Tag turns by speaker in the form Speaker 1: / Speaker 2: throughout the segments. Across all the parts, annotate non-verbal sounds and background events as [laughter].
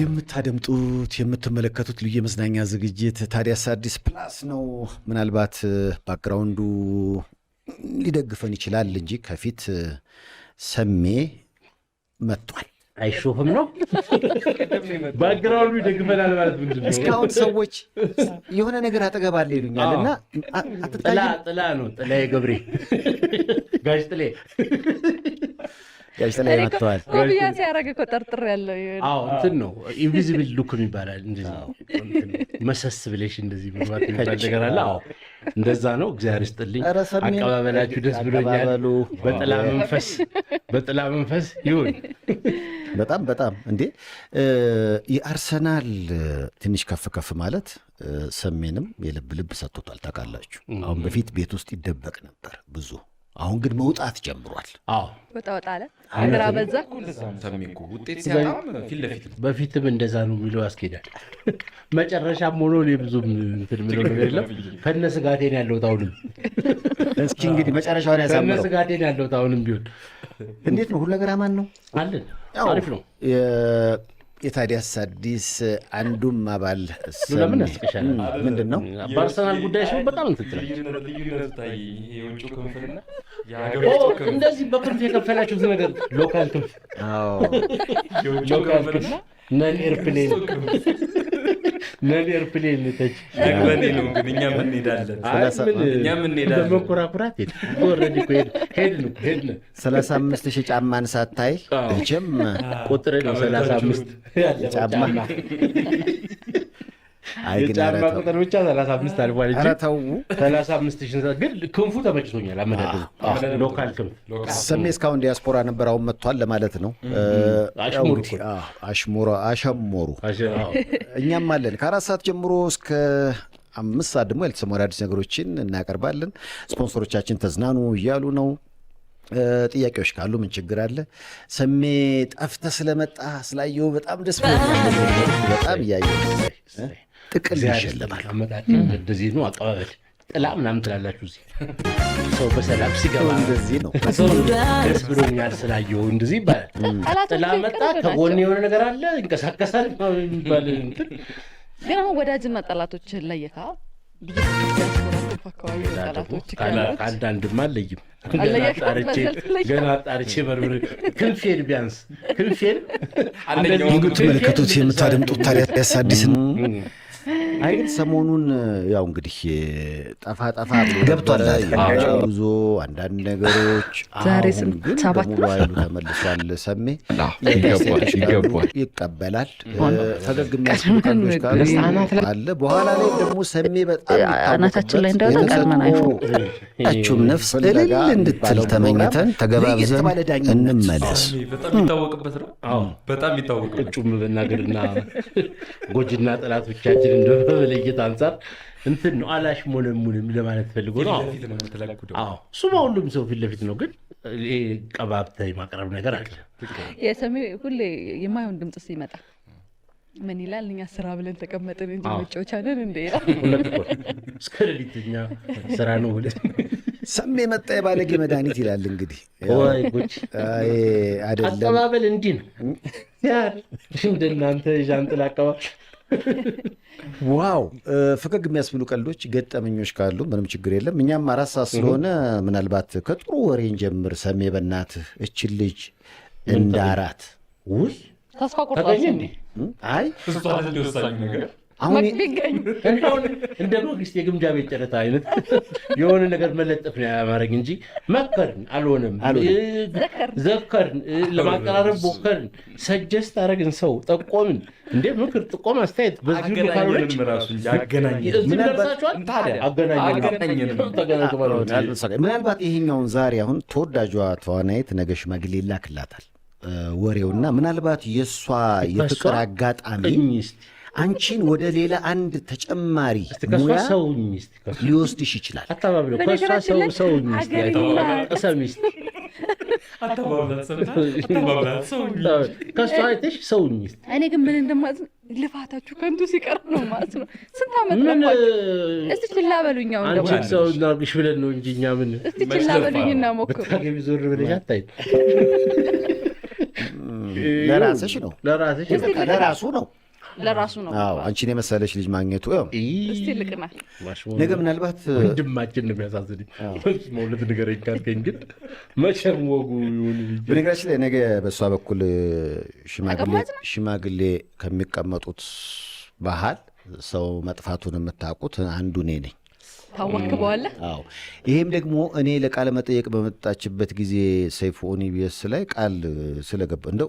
Speaker 1: የምታደምጡት የምትመለከቱት ልዩ የመዝናኛ ዝግጅት ታዲያስ አዲስ ፕላስ ነው። ምናልባት ባክግራውንዱ ሊደግፈን ይችላል እንጂ ከፊት ሰሜ መጥቷል።
Speaker 2: አይሾህም ነው
Speaker 3: [laughs] ባክግራውንዱ ይደግፈናል ማለት ምንድን ነው?
Speaker 2: እስካሁን ሰዎች የሆነ ነገር አጠገባለ ይሉኛል እና
Speaker 3: ጥላ ነው ጥላ የገብሬ ጋሽ ጥሌ
Speaker 1: ጋሽ ላይ መጥተዋል።
Speaker 4: ኮፍያ ሲያደርግ እኮ ጠርጥሬያለሁ።
Speaker 2: አዎ እንትን ነው ኢንቪዚብል ሉክም ይባላል። እንደዚህ መሰስ ብለሽ እንደዚህ መግባት የሚባል ነገር አለ። አዎ እንደዛ ነው። እግዚአብሔር ይስጥልኝ። አቀባበላችሁ ደስ ብሎኛል። በጥላ መንፈስ በጥላ መንፈስ ይሁን።
Speaker 1: በጣም በጣም እንዴ የአርሰናል ትንሽ ከፍ ከፍ ማለት ሰሜንም የልብ ልብ ሰጥቶታል። ታውቃላችሁ አሁን በፊት ቤት ውስጥ ይደበቅ ነበር ብዙ አሁን ግን መውጣት ጀምሯል።
Speaker 2: አዎ
Speaker 4: ወጣ ወጣ አለ ግራ በዛ ውጤት
Speaker 2: ሲያጣም ፊት ለፊት በፊትም እንደዛ ነው የሚለው ያስኬዳል። መጨረሻም ሆኖ እኔ ብዙም እንትን የምለው ነገር የለም። ከነ ስጋቴን ያለሁት አሁንም እስኪ እንግዲህ መጨረሻውን ያሳምረው። ከነ ስጋቴን ያለሁት አሁንም ቢሆን
Speaker 1: እንዴት ነው? ሁለገራ ማን ነው
Speaker 2: አለን? አሪፍ ነው።
Speaker 1: የታዲያስ አዲስ አንዱም አባል ለምን ያስቅሻል? ምንድን ነው
Speaker 2: በአርሰናል ጉዳይ ሲሆን በጣም እንትትለ እንደዚህ በክንፍ የከፈላችሁት ነገር ሎካል ክንፍ ሎካል ክንፍ ነን ኤርፕሌን ለኔ ኤርፕሌን ልተች
Speaker 3: በኔ ነው እንግዲህ እኛም እንሄዳለን። እኛም እንሄዳለን።
Speaker 2: በመኮራኩራት ኦልሬዲ ሄድ ሄድን።
Speaker 1: ሰላሳ አምስት ሺህ ጫማን ሳታይ መቼም ቁጥር ሰላሳ አምስት ጫማ
Speaker 2: የጫማ ቁጥር ብቻ ሰላሳ አምስት አልፏል እንጂ ሰላሳ አምስት ሺህ ግን ክንፉ ተመጭቶኛል። አመዳደ ሎካል ክንፍ
Speaker 1: ስሜ እስካሁን ዲያስፖራ ነበር፣ አሁን መጥቷል ለማለት ነው። አሸሞሩ እኛም አለን ከአራት ሰዓት ጀምሮ እስከ አምስት ሰዓት ደግሞ ያልተሰሙ አዳዲስ ነገሮችን እናቀርባለን። ስፖንሰሮቻችን ተዝናኑ እያሉ ነው። ጥያቄዎች ካሉ ምን ችግር አለ? ስሜ ጠፍተህ ስለመጣ ስላየሁ በጣም ደስ በጣም እያየ ጥቅል ይሸለማል።
Speaker 2: እንደዚህ ነው አቀባበል። ጥላ ምናምን ትላላችሁ። እዚህ ሰው በሰላም ሲገባ እንደዚህ ነው። ደስ ብሎኛል ስላየው እንደዚህ ይባላል። ጥላ መጣ፣ ከጎን የሆነ ነገር አለ፣ ይንቀሳቀሳል የሚባል
Speaker 4: ግን አሁን ወዳጅና ጠላቶች ለየካ
Speaker 2: ከአንዳንድማ አለይም ገና ጣርቼ በርብር ክንፌን ቢያንስ ክንፌን
Speaker 1: አንደኛው ትመለከቱት የምታደምጡት ታዲያስ አዲስን አይ ግን ሰሞኑን ያው እንግዲህ ጠፋ ጠፋ ገብቷል ጉዞ አንዳንድ ነገሮች አሁን ተመልሷል። ሰሜ ይቀበላል ፈገግ የሚያስቀኖች አለ። በኋላ ላይ ደግሞ ሰሜ
Speaker 4: በጣምናታችን ላይ እንዳወጣ
Speaker 1: ነፍስ እልል እንድትል ተመኝተን ተገባብዘን እንመለስ።
Speaker 3: በጣም የሚታወቅበት ነው። በጣም ይታወቅ
Speaker 2: እጩም ብናገርና ጎጅና ጠላቶቻችን እንደ በመለየት አንጻር እንትን ነው አላሽ አላሽሞለሙልም ለማለት ፈልጎ ነው። እሱ በሁሉም ሰው ፊት ለፊት ነው፣ ግን ቀባብተህ የማቅረብ ነገር አለ።
Speaker 4: የሰሚ ሁሌ የማይሆን ድምፅ ሲመጣ ምን ይላል? እኛ ስራ ብለን ተቀመጥን እንጂ መጫወቻ ነን እንደ
Speaker 2: እስከ ሌሊት እኛ ስራ ነው ብለን
Speaker 1: ሰም የመጣ የባለጌ መድኃኒት ይላል። እንግዲህ
Speaker 2: አቀባበል እንዲህ ነው። እንደናንተ ዣንጥላ አቀባበል [laughs]
Speaker 1: ዋው ፈገግ የሚያስብሉ ቀልዶች፣ ገጠመኞች ካሉ ምንም ችግር የለም። እኛም አራሳ ስለሆነ ምናልባት ከጥሩ ወሬን ጀምር ሰሜ በእናትህ እችን ልጅ እንዳራት
Speaker 2: ውይ
Speaker 4: ተስፋ ቁርጣ አይ አሁን
Speaker 2: እንደ መንግስት የግምጃ ቤት ጨረታ አይነት የሆነ ነገር መለጠፍ ነው ያማረግ እንጂ መከርን፣ አልሆነም፣ ዘከርን፣ ለማቀራረብ ሞከርን፣ ሰጀስት አረግን፣ ሰው ጠቆምን። እንደ ምክር፣ ጥቆም፣ አስተያየት በዚሁ
Speaker 1: ምናልባት ይሄኛውን ዛሬ አሁን ተወዳጇ ተዋናይት ነገ ሽማግሌ ይላክላታል ወሬውና ምናልባት የእሷ የፍቅር አጋጣሚ አንቺን ወደ ሌላ አንድ ተጨማሪ ሙያ ሊወስድሽ ይችላል።
Speaker 4: እኔ ግን ምን እንደማዝ ልፋታችሁ ከንቱ ሲቀር ነው ማለት ነው። ስንት ዓመት እስቲ ችላ በሉኝ
Speaker 2: ሰውናርግሽ ብለን ነው እንጂ እኛ ምን
Speaker 4: እስቲ ችላ በሉኝ እና እናሞክሩ
Speaker 2: ዞር ብለሽ አታይ ለራስሽ ነው ለራሱ
Speaker 1: ነው ለራሱ ነው። አዎ አንቺን የመሰለች ልጅ ማግኘቱ ይልቅናል። ነገ ምናልባት
Speaker 3: ወንድማችን የሚያሳዝንኝ መውለድ ንገረኝ ካልከኝ ግን መቼም ወጉ ይሁን።
Speaker 1: በነገራችን ላይ ነገ በእሷ በኩል ሽማግሌ ሽማግሌ ከሚቀመጡት ባህል ሰው መጥፋቱን የምታውቁት አንዱ እኔ ነኝ።
Speaker 4: ታዋክበዋለህ።
Speaker 1: አዎ ይሄም ደግሞ እኔ ለቃለ መጠየቅ በመጣችበት ጊዜ ሰይፉ ኦን ኢቢኤስ ላይ ቃል ስለገባ እንደው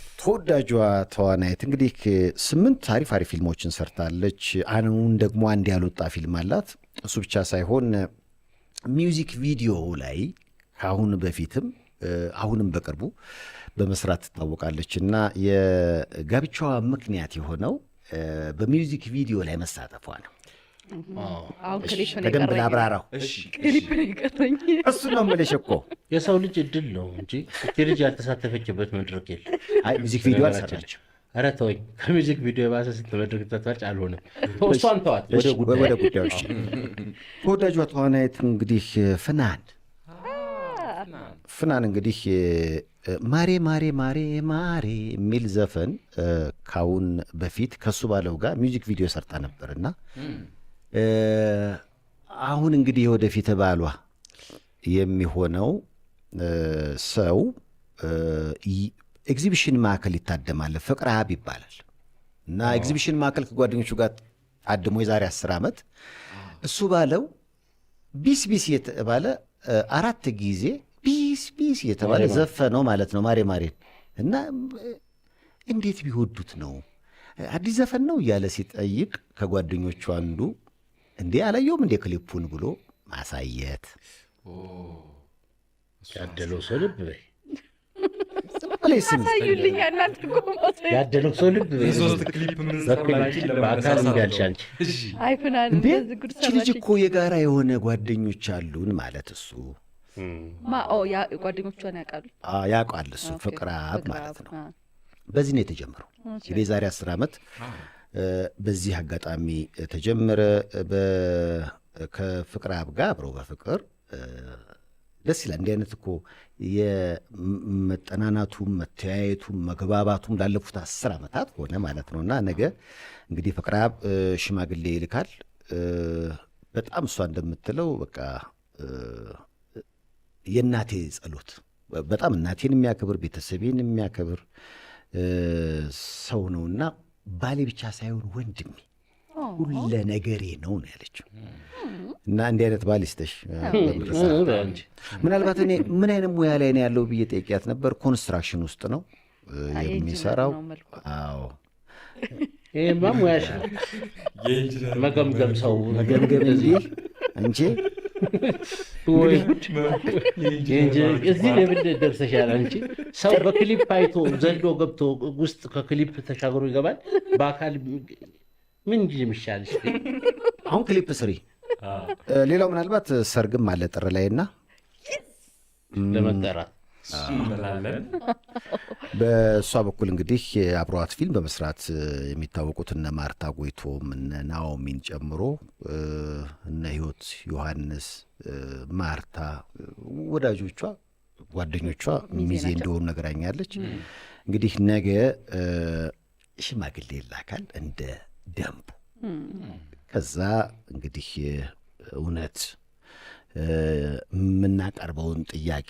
Speaker 1: ተወዳጇ ተዋናይት እንግዲህ ስምንት አሪፍ አሪፍ ፊልሞችን ሰርታለች። አሁን ደግሞ አንድ ያልወጣ ፊልም አላት። እሱ ብቻ ሳይሆን ሚውዚክ ቪዲዮ ላይ ከአሁን በፊትም አሁንም በቅርቡ በመስራት ትታወቃለች እና የጋብቻዋ ምክንያት የሆነው በሚውዚክ ቪዲዮ ላይ መሳተፏ ነው። በደንብ ላብራራው። እሱ ነው የምልሽ እኮ
Speaker 2: የሰው ልጅ እድል ነው እንጂ እቺ ልጅ ያልተሳተፈችበት መድረክ የለም።
Speaker 1: አይ ሚዚክ ቪዲዮ አልሰራችም።
Speaker 2: ኧረ ተወኝ፣ ከሚዚክ ቪዲዮ የባሰ ስንት መድረክ ተቷጭ። አልሆነም። እሷን ተዋት፣
Speaker 1: ወደ ጉዳዮች። ተወዳጇ ተዋናይት እንግዲህ ፍናን ፍናን እንግዲህ ማሬ ማሬ ማሬ ማሬ የሚል ዘፈን ካሁን በፊት ከሱ ባለው ጋር ሚውዚክ ቪዲዮ ሰርታ ነበር እና አሁን እንግዲህ ወደፊት ባሏ የሚሆነው ሰው ኤግዚቢሽን ማዕከል ይታደማል። ፍቅረ ሀብ ይባላል እና ኤግዚቢሽን ማዕከል ከጓደኞቹ ጋር ታድሞ የዛሬ አስር ዓመት እሱ ባለው ቢስ ቢስ የተባለ አራት ጊዜ ቢስ ቢስ የተባለ ዘፈነው ማለት ነው። ማሬ ማሬ እና እንዴት ቢወዱት ነው አዲስ ዘፈን ነው እያለ ሲጠይቅ ከጓደኞቹ አንዱ እንዴ አላየውም እንዴ ክሊፑን ብሎ ማሳየት
Speaker 2: ያደለው ሰው ልብ በይ
Speaker 1: ያደለው ሰው ልብ ልጅ እኮ የጋራ የሆነ ጓደኞች አሉን ማለት እሱ
Speaker 4: ጓደኞቿን ያውቃሉ
Speaker 1: ያውቃል እሱ ማለት ነው። በዚህ ነው የተጀመረው። የዛሬ አስር ዓመት በዚህ አጋጣሚ ተጀመረ። ከፍቅር አብ ጋር አብሮ በፍቅር ደስ ይላል። እንዲህ አይነት እኮ የመጠናናቱም መተያየቱም መግባባቱም ላለፉት አስር ዓመታት ሆነ ማለት ነውና ነገ እንግዲህ ፍቅር አብ ሽማግሌ ይልካል። በጣም እሷ እንደምትለው በቃ የእናቴ ጸሎት በጣም እናቴን የሚያከብር ቤተሰቤን የሚያከብር ሰው ነውና ባሌ ብቻ ሳይሆን ወንድሜ ሁለ ነገሬ ነው ነው ያለችው። እና እንዲህ አይነት ባል ይስጠሽ። ምናልባት እኔ ምን አይነት ሙያ ላይ ነው ያለው ብዬ ጠይቂያት ነበር። ኮንስትራክሽን ውስጥ ነው የሚሰራው። አዎ
Speaker 2: ይህማ ሙያሽ [laughs] መገምገም ሰው
Speaker 1: መገምገም እንጂ
Speaker 2: እንጂ እዚህ ለምን ደርሰሻል አንቺ? ሰው በክሊፕ አይቶ ዘሎ ገብቶ ውስጥ ከክሊፕ ተሻግሮ ይገባል። በአካል ምን ጊዜ ይሻልሽ?
Speaker 1: አሁን ክሊፕ ስሪ። ሌላው ምናልባት ሰርግም አለ ጥር ላይ እና
Speaker 2: ለመጠራት
Speaker 3: እንላለን።
Speaker 1: በእሷ በኩል እንግዲህ አብረዋት ፊልም በመስራት የሚታወቁት እነ ማርታ ጎይቶም እነ ናኦሚን ጨምሮ እነ ህይወት ዮሐንስ፣ ማርታ ወዳጆቿ ጓደኞቿ ሚዜ እንደሆኑ ነገራኛለች። እንግዲህ ነገ ሽማግሌ ይላካል እንደ ደንቡ። ከዛ እንግዲህ እውነት የምናቀርበውን ጥያቄ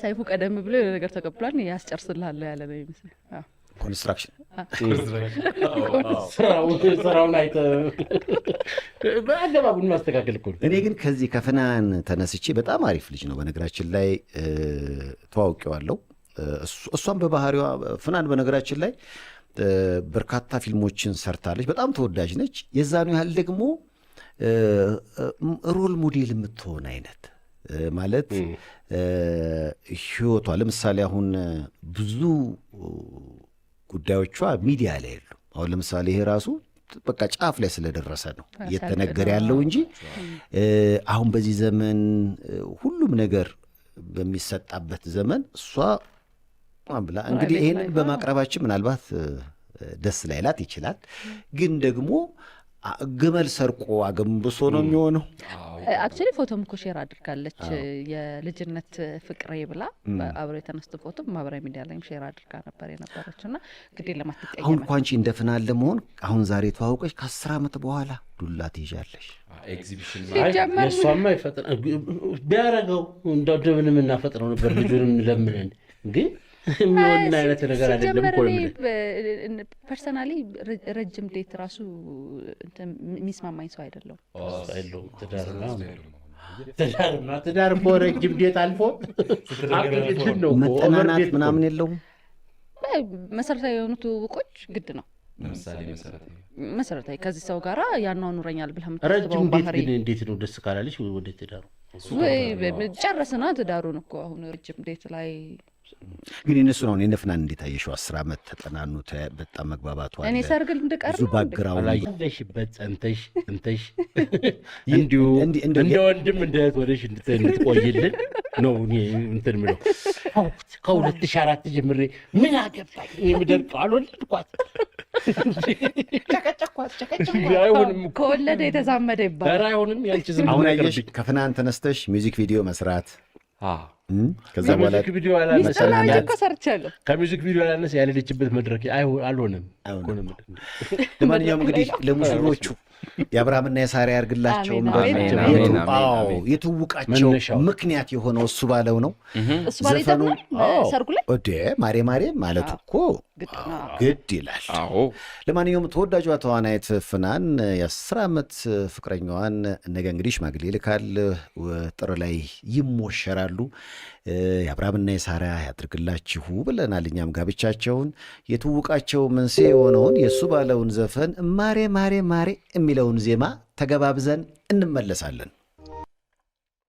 Speaker 4: ሰይፉ ቀደም ብሎ የሆነ ነገር ተቀብሏል ያስጨርስልሃል ያለ ነው ይመስል
Speaker 1: ኮንስትራክሽን
Speaker 2: ስራውን አይተህ አገባቡን ማስተካከል እኮ።
Speaker 1: እኔ ግን ከዚህ ከፍናን ተነስቼ በጣም አሪፍ ልጅ ነው በነገራችን ላይ ተዋውቂዋለው እሷም በባህሪዋ ፍናን በነገራችን ላይ በርካታ ፊልሞችን ሰርታለች። በጣም ተወዳጅ ነች። የዛኑ ያህል ደግሞ ሮል ሞዴል የምትሆን አይነት ማለት ህይወቷ ለምሳሌ አሁን ብዙ ጉዳዮቿ ሚዲያ ላይ ያሉ አሁን ለምሳሌ ይሄ ራሱ በቃ ጫፍ ላይ ስለደረሰ ነው እየተነገረ ያለው እንጂ አሁን በዚህ ዘመን ሁሉም ነገር በሚሰጣበት ዘመን እሷ ብላ እንግዲህ ይህንን በማቅረባችን ምናልባት ደስ ላይላት ይችላል ግን ደግሞ ግመል ሰርቆ አገንብሶ ነው የሚሆነው።
Speaker 4: አክቹዋሊ ፎቶም እኮ ሼር አድርጋለች የልጅነት ፍቅሬ ብላ አብሮ የተነስተ ፎቶ ማህበራዊ ሚዲያ ላይም ሼር አድርጋ ነበር የነበረች እና ግዴ ለማትቀየም
Speaker 1: አሁን እኮ አንቺ እንደ ፍናን አሁን ዛሬ ተዋውቀች ከአስር ዓመት በኋላ ዱላ ትይዣለሽ።
Speaker 3: ኤግዚቢሽን
Speaker 2: የእሷማ ቢያረገው እንደምንም እናፈጥረው ነበር ልጁንም ለምንን ግን የሚሆን አይነት ነገር አይደለም
Speaker 4: እኮ ፐርሰናሊ ረጅም ዴት ራሱ የሚስማማኝ ሰው አይደለም
Speaker 2: ትዳርና ትዳርና ትዳር ረጅም ዴት አልፎ ነው
Speaker 1: መጠናናት ምናምን የለውም።
Speaker 4: መሰረታዊ የሆኑ ትውውቆች ግድ ነው። ለምሳሌ መሰረታዊ ከዚህ ሰው ጋራ ያኗኑረኛል ብለህ
Speaker 1: ረጅም ዴት ግን እንዴት ነው ደስ ካላለች ወደ ትዳሩ
Speaker 4: ጨረስና ትዳሩን እኮ አሁን ረጅም ዴት ላይ
Speaker 1: ግን እነሱ ነው እኔ ነፍናን እንዴት አየሽው? አስር ዓመት ተጠናኑ በጣም መግባባቱ
Speaker 4: አለ። እኔ ሰርግ ልንድቀር
Speaker 1: ብዙ ባግራውን
Speaker 2: አላየሽበት ጸንተሽ እምተሽ እንዲሁ እንደ ወንድም እንደ እህት ወደሽ እንድትቆይልን ነው እኔ እንትን ምለው ከሁለት ሺህ አራት ጀምሬ ምን አገባኝ የምደርቀው አልወለድኳት
Speaker 4: ከወለደ የተዛመደ
Speaker 2: ይባላል።
Speaker 1: አሁን አየሽ ከፍናን ተነስተሽ ሚውዚክ ቪዲዮ መስራት ከዛ በኋላ
Speaker 4: ሰርቻለሁ።
Speaker 2: ቪዲዮ ያላነሰ ያልሄደችበት መድረክ አልሆነም።
Speaker 1: ለማንኛውም እንግዲህ ለሙሽሮቹ የአብርሃምና የሳራ ያርግላቸው። የትውቃቸው ምክንያት የሆነው እሱ ባለው ነው። ዘፈኑ ማሬ ማሬ ማለቱ እኮ ግድ ይላል። ለማንኛውም ተወዳጇ ተዋናይት ፍናን የአስር ዓመት ፍቅረኛዋን ነገ እንግዲህ ሽማግሌ ይልካል፣ ጥር ላይ ይሞሸራሉ። የአብርሃምና የሳራ ያድርግላችሁ ብለናል። እኛም ጋብቻቸውን የትውቃቸው መንስኤ የሆነውን የእሱ ባለውን ዘፈን ማሬ ማሬ ማሬ የሚለውን ዜማ ተገባብዘን እንመለሳለን።